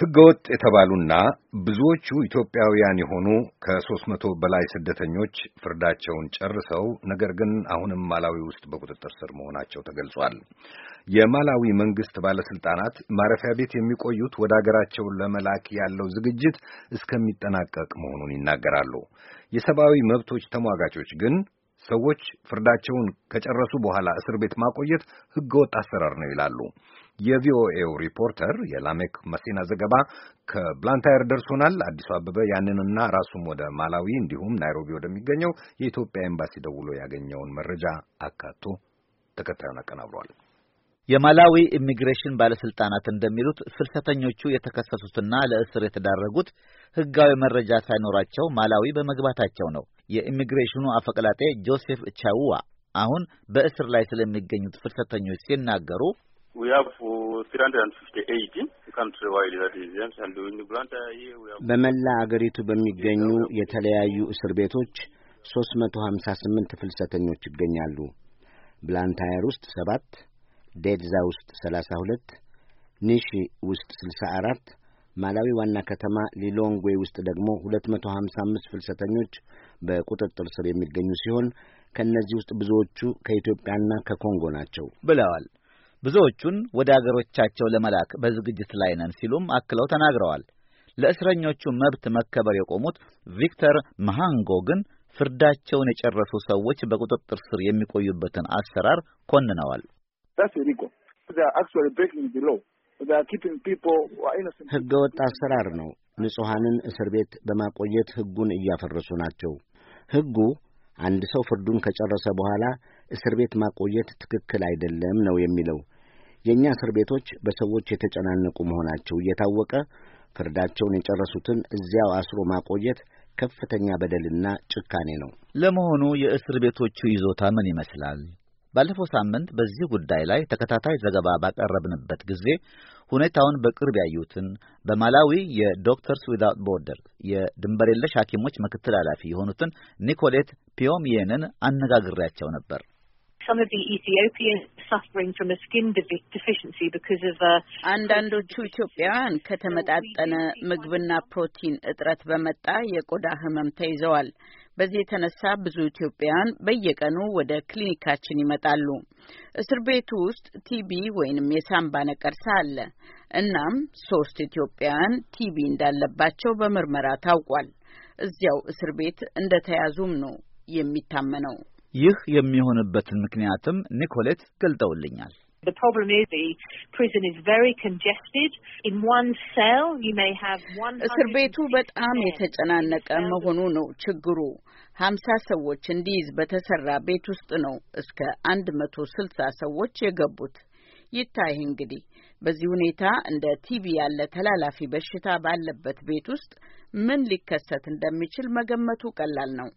ህገወጥ የተባሉና ብዙዎቹ ኢትዮጵያውያን የሆኑ ከሦስት መቶ በላይ ስደተኞች ፍርዳቸውን ጨርሰው ነገር ግን አሁንም ማላዊ ውስጥ በቁጥጥር ስር መሆናቸው ተገልጿል። የማላዊ መንግስት ባለስልጣናት ማረፊያ ቤት የሚቆዩት ወደ አገራቸው ለመላክ ያለው ዝግጅት እስከሚጠናቀቅ መሆኑን ይናገራሉ። የሰብአዊ መብቶች ተሟጋቾች ግን ሰዎች ፍርዳቸውን ከጨረሱ በኋላ እስር ቤት ማቆየት ህገወጥ አሰራር ነው ይላሉ። የቪኦኤው ሪፖርተር የላሜክ መሲና ዘገባ ከብላንታየር ደርሶናል። አዲሱ አበበ ያንንና ራሱም ወደ ማላዊ እንዲሁም ናይሮቢ ወደሚገኘው የኢትዮጵያ ኤምባሲ ደውሎ ያገኘውን መረጃ አካቶ ተከታዩን አቀናብሯል። የማላዊ ኢሚግሬሽን ባለስልጣናት እንደሚሉት ፍልሰተኞቹ የተከሰሱትና ለእስር የተዳረጉት ህጋዊ መረጃ ሳይኖራቸው ማላዊ በመግባታቸው ነው። የኢሚግሬሽኑ አፈቀላጤ ጆሴፍ ቻውዋ አሁን በእስር ላይ ስለሚገኙት ፍልሰተኞች ሲናገሩ በመላ አገሪቱ በሚገኙ የተለያዩ እስር ቤቶች 358 ፍልሰተኞች ይገኛሉ። ብላንታየር ውስጥ ሰባት፣ ዴድዛ ውስጥ ሁለት፣ ኒሺ ውስጥ 64 ማላዊ ዋና ከተማ ሊሎንግዌ ውስጥ ደግሞ 255 ፍልሰተኞች በቁጥጥር ስር የሚገኙ ሲሆን ከእነዚህ ውስጥ ብዙዎቹ ከኢትዮጵያና ከኮንጎ ናቸው ብለዋል። ብዙዎቹን ወደ አገሮቻቸው ለመላክ በዝግጅት ላይ ነን ሲሉም አክለው ተናግረዋል። ለእስረኞቹ መብት መከበር የቆሙት ቪክተር መሃንጎ ግን ፍርዳቸውን የጨረሱ ሰዎች በቁጥጥር ስር የሚቆዩበትን አሰራር ኮንነዋል። ሕገ ወጥ አሰራር ነው። ንጹሐንን እስር ቤት በማቆየት ሕጉን እያፈረሱ ናቸው። ሕጉ አንድ ሰው ፍርዱን ከጨረሰ በኋላ እስር ቤት ማቆየት ትክክል አይደለም ነው የሚለው። የእኛ እስር ቤቶች በሰዎች የተጨናነቁ መሆናቸው እየታወቀ ፍርዳቸውን የጨረሱትን እዚያው አስሮ ማቆየት ከፍተኛ በደልና ጭካኔ ነው። ለመሆኑ የእስር ቤቶቹ ይዞታ ምን ይመስላል? ባለፈው ሳምንት በዚህ ጉዳይ ላይ ተከታታይ ዘገባ ባቀረብንበት ጊዜ ሁኔታውን በቅርብ ያዩትን በማላዊ የዶክተርስ ዊዛውት ቦርደር የድንበር የለሽ ሐኪሞች ምክትል ኃላፊ የሆኑትን ኒኮሌት ፒዮምየንን አነጋግሬያቸው ነበር። አንዳንዶቹ ኢትዮጵያውያን ከተመጣጠነ ምግብና ፕሮቲን እጥረት በመጣ የቆዳ ህመም ተይዘዋል። በዚህ የተነሳ ብዙ ኢትዮጵያውያን በየቀኑ ወደ ክሊኒካችን ይመጣሉ። እስር ቤቱ ውስጥ ቲቢ ወይንም የሳምባ ነቀርሳ አለ። እናም ሶስት ኢትዮጵያውያን ቲቢ እንዳለባቸው በምርመራ ታውቋል። እዚያው እስር ቤት እንደተያዙም ነው የሚታመነው። ይህ የሚሆንበትን ምክንያትም ኒኮሌት ገልጠውልኛል። እስር ቤቱ በጣም የተጨናነቀ መሆኑ ነው ችግሩ። ሀምሳ ሰዎች እንዲይዝ በተሰራ ቤት ውስጥ ነው እስከ አንድ መቶ ስልሳ ሰዎች የገቡት። ይታይ እንግዲህ በዚህ ሁኔታ እንደ ቲቪ ያለ ተላላፊ በሽታ ባለበት ቤት ውስጥ ምን ሊከሰት እንደሚችል መገመቱ ቀላል ነው።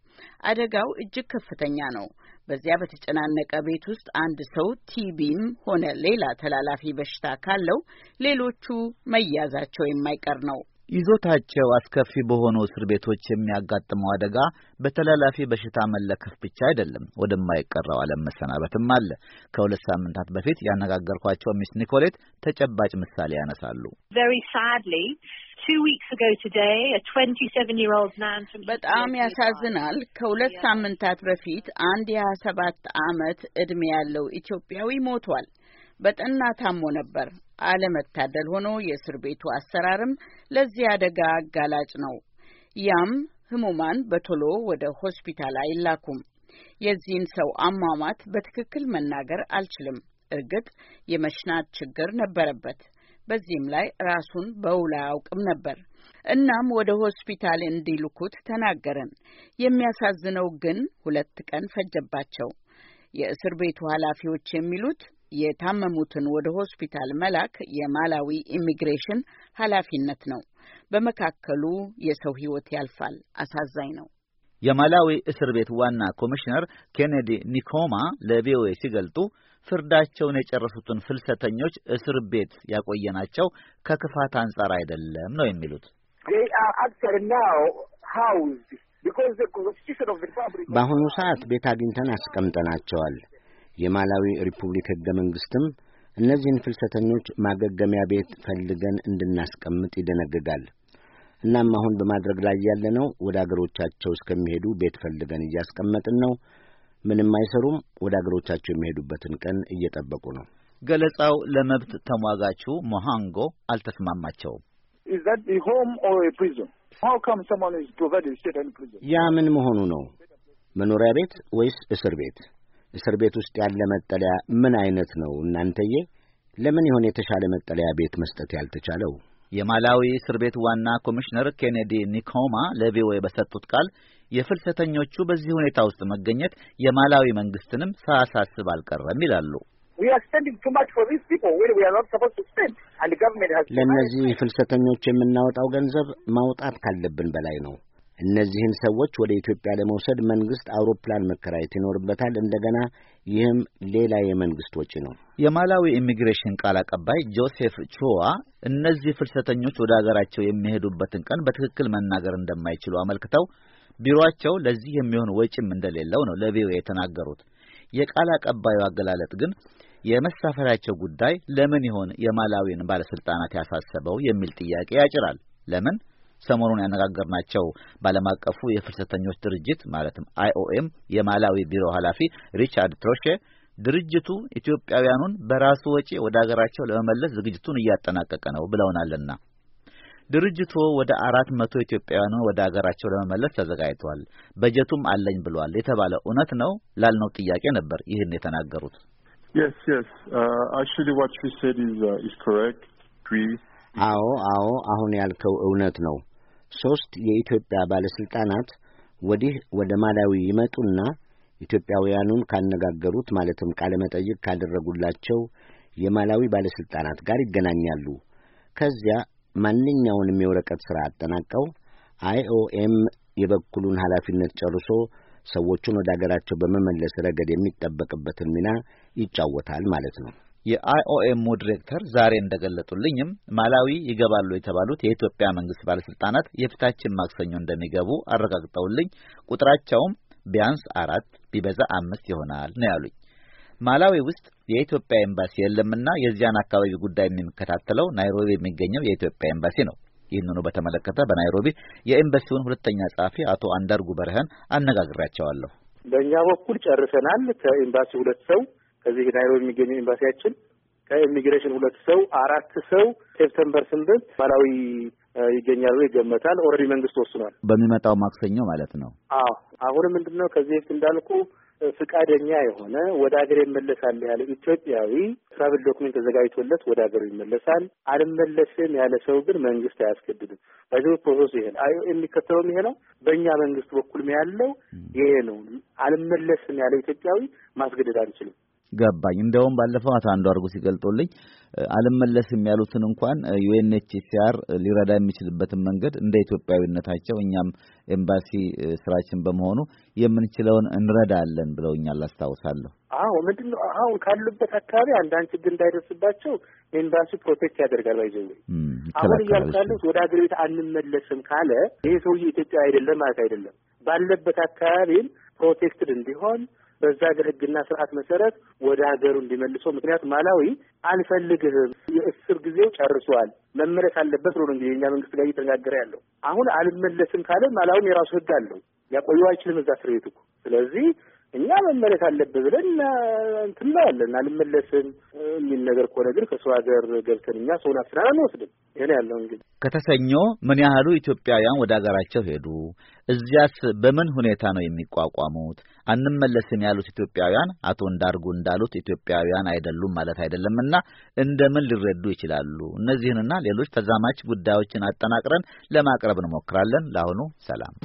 አደጋው እጅግ ከፍተኛ ነው። በዚያ በተጨናነቀ ቤት ውስጥ አንድ ሰው ቲቢም ሆነ ሌላ ተላላፊ በሽታ ካለው ሌሎቹ መያዛቸው የማይቀር ነው። ይዞታቸው አስከፊ በሆኑ እስር ቤቶች የሚያጋጥመው አደጋ በተላላፊ በሽታ መለከፍ ብቻ አይደለም፣ ወደማይቀረው ዓለም መሰናበትም አለ። ከሁለት ሳምንታት በፊት ያነጋገርኳቸው ሚስ ኒኮሌት ተጨባጭ ምሳሌ ያነሳሉ። በጣም ያሳዝናል። ከሁለት ሳምንታት በፊት አንድ የሀያ ሰባት ዓመት እድሜ ያለው ኢትዮጵያዊ ሞቷል። በጠና ታሞ ነበር። አለመታደል ሆኖ የእስር ቤቱ አሰራርም ለዚህ አደጋ አጋላጭ ነው። ያም ህሙማን በቶሎ ወደ ሆስፒታል አይላኩም። የዚህን ሰው አሟሟት በትክክል መናገር አልችልም። እርግጥ የመሽናት ችግር ነበረበት። በዚህም ላይ ራሱን በውል አያውቅም ነበር። እናም ወደ ሆስፒታል እንዲልኩት ተናገረን። የሚያሳዝነው ግን ሁለት ቀን ፈጀባቸው። የእስር ቤቱ ኃላፊዎች የሚሉት የታመሙትን ወደ ሆስፒታል መላክ የማላዊ ኢሚግሬሽን ኃላፊነት ነው። በመካከሉ የሰው ሕይወት ያልፋል። አሳዛኝ ነው። የማላዊ እስር ቤት ዋና ኮሚሽነር ኬኔዲ ኒኮማ ለቪኦኤ ሲገልጡ ፍርዳቸውን የጨረሱትን ፍልሰተኞች እስር ቤት ያቆየናቸው ከክፋት አንጻር አይደለም ነው የሚሉት። በአሁኑ ሰዓት ቤት አግኝተን አስቀምጠናቸዋል። የማላዊ ሪፑብሊክ ሕገ መንግሥትም እነዚህን ፍልሰተኞች ማገገሚያ ቤት ፈልገን እንድናስቀምጥ ይደነግጋል። እናም አሁን በማድረግ ላይ ያለ ነው ወደ አገሮቻቸው እስከሚሄዱ ቤት ፈልገን እያስቀመጥን ነው። ምንም አይሰሩም። ወደ አገሮቻቸው የሚሄዱበትን ቀን እየጠበቁ ነው። ገለጻው ለመብት ተሟጋቹ ሞሃንጎ አልተስማማቸውም። ያ ምን መሆኑ ነው? መኖሪያ ቤት ወይስ እስር ቤት? እስር ቤት ውስጥ ያለ መጠለያ ምን አይነት ነው? እናንተዬ፣ ለምን ይሆን የተሻለ መጠለያ ቤት መስጠት ያልተቻለው? የማላዊ እስር ቤት ዋና ኮሚሽነር ኬኔዲ ኒኮማ ለቪኦኤ በሰጡት ቃል የፍልሰተኞቹ በዚህ ሁኔታ ውስጥ መገኘት የማላዊ መንግስትንም ሳያሳስብ አልቀረም ይላሉ። ለእነዚህ ፍልሰተኞች የምናወጣው ገንዘብ ማውጣት ካለብን በላይ ነው። እነዚህን ሰዎች ወደ ኢትዮጵያ ለመውሰድ መንግስት አውሮፕላን መከራየት ይኖርበታል። እንደገና ይህም ሌላ የመንግስት ወጪ ነው። የማላዊ ኢሚግሬሽን ቃል አቀባይ ጆሴፍ ቹዋ እነዚህ ፍልሰተኞች ወደ አገራቸው የሚሄዱበትን ቀን በትክክል መናገር እንደማይችሉ አመልክተው ቢሮአቸው ለዚህ የሚሆን ወጪም እንደሌለው ነው ለቪኦኤ የተናገሩት። የቃል አቀባዩ አገላለጥ ግን የመሳፈሪያቸው ጉዳይ ለምን ይሆን የማላዊን ባለስልጣናት ያሳሰበው የሚል ጥያቄ ያጭራል። ለምን ሰሞኑን ያነጋገር ናቸው ባለም አቀፉ የፍልሰተኞች ድርጅት ማለትም አይኦኤም የማላዊ ቢሮ ኃላፊ ሪቻርድ ትሮሼ ድርጅቱ ኢትዮጵያውያኑን በራሱ ወጪ ወደ ሀገራቸው ለመመለስ ዝግጅቱን እያጠናቀቀ ነው ብለውናልና ድርጅቱ ወደ አራት መቶ ኢትዮጵያውያኑን ወደ ሀገራቸው ለመመለስ ተዘጋጅቷል። በጀቱም አለኝ ብሏል የተባለ እውነት ነው ላልነው ጥያቄ ነበር ይህን የተናገሩት። uh, uh, አዎ አዎ፣ አሁን ያልከው እውነት ነው። ሦስት የኢትዮጵያ ባለሥልጣናት ወዲህ ወደ ማላዊ ይመጡና ኢትዮጵያውያኑን ካነጋገሩት ማለትም ቃለ መጠይቅ ካደረጉላቸው የማላዊ ባለሥልጣናት ጋር ይገናኛሉ። ከዚያ ማንኛውንም የወረቀት ሥራ አጠናቀው አይኦኤም የበኩሉን ኃላፊነት ጨርሶ ሰዎቹን ወደ አገራቸው በመመለስ ረገድ የሚጠበቅበትን ሚና ይጫወታል ማለት ነው። የአይኦኤሙ ዲሬክተር ዛሬ እንደገለጡልኝም ማላዊ ይገባሉ የተባሉት የኢትዮጵያ መንግስት ባለስልጣናት የፊታችን ማክሰኞ እንደሚገቡ አረጋግጠውልኝ ቁጥራቸውም ቢያንስ አራት ቢበዛ አምስት ይሆናል ነው ያሉኝ። ማላዊ ውስጥ የኢትዮጵያ ኤምባሲ የለምና የዚያን አካባቢ ጉዳይ የሚከታተለው ናይሮቢ የሚገኘው የኢትዮጵያ ኤምባሲ ነው። ይህንኑ በተመለከተ በናይሮቢ የኤምባሲውን ሁለተኛ ጸሐፊ አቶ አንዳርጉ በርሃን አነጋግሬያቸዋለሁ። በእኛ በኩል ጨርሰናል። ከኤምባሲ ሁለት ሰው ከዚህ ናይሮቢ የሚገኘው ኤምባሲያችን ከኢሚግሬሽን ሁለት ሰው አራት ሰው ሴፕተምበር ስምንት ማላዊ ይገኛሉ ይገመታል። ኦልሬዲ መንግስት ወስኗል። በሚመጣው ማክሰኞ ማለት ነው። አዎ አሁን ምንድን ነው ከዚህ በፊት እንዳልኩ ፍቃደኛ የሆነ ወደ ሀገር ይመለሳል ያለ ኢትዮጵያዊ ትራቭል ዶክሜንት ተዘጋጅቶለት ወደ ሀገሩ ይመለሳል። አልመለስም ያለ ሰው ግን መንግስት አያስገድድም። በዚህ ፕሮሰሱ ይሄ ነው የሚከተለውም ይሄ ነው። በእኛ መንግስት በኩልም ያለው ይሄ ነው። አልመለስም ያለ ኢትዮጵያዊ ማስገደድ አንችልም። ገባኝ። እንደውም ባለፈው አቶ አንዱ አድርጎ ሲገልጦልኝ አልመለስም ያሉትን እንኳን ዩኤንኤችሲአር ሊረዳ የሚችልበትን መንገድ እንደ ኢትዮጵያዊነታቸው እኛም ኤምባሲ ስራችን በመሆኑ የምንችለውን እንረዳለን ብለውኛል፣ አስታውሳለሁ። አዎ ምንድን ነው አሁን ካሉበት አካባቢ አንዳንድ ችግር እንዳይደርስባቸው ኤምባሲ ፕሮቴክት ያደርጋል። ባይዘው አሁን እያልካሉት ወደ ሀገር ቤት አንመለስም ካለ ይሄ ሰውዬ ኢትዮጵያ አይደለም ማለት አይደለም። ባለበት አካባቢም ፕሮቴክትድ እንዲሆን በዛ ሀገር ህግና ስርዓት መሰረት ወደ ሀገሩ እንዲመልሰው። ምክንያቱም ማላዊ አልፈልግህም የእስር ጊዜው ጨርሷል፣ መመለስ አለበት ብሎ እንግዲህ እኛ መንግስት ጋር እየተነጋገረ ያለው አሁን አልመለስም ካለ ማላዊም የራሱ ህግ አለው፣ ሊያቆየው አይችልም እዛ እስር ቤት እኮ ስለዚህ እኛ መመለስ አለብህ ብለን እንትን እንላለን። አልመለስም የሚል ነገር ከሆነ ግን ከሰው ሀገር ገብተን እኛ ሰውን አስራ አንወስድም። ይህን ያለው እንግዲህ ከተሰኞ ምን ያህሉ ኢትዮጵያውያን ወደ ሀገራቸው ሄዱ? እዚያስ በምን ሁኔታ ነው የሚቋቋሙት? አንመለስም ያሉት ኢትዮጵያውያን አቶ እንዳርጉ እንዳሉት ኢትዮጵያውያን አይደሉም ማለት አይደለም እና እንደምን ሊረዱ ይችላሉ? እነዚህንና ሌሎች ተዛማች ጉዳዮችን አጠናቅረን ለማቅረብ እንሞክራለን። ለአሁኑ ሰላም።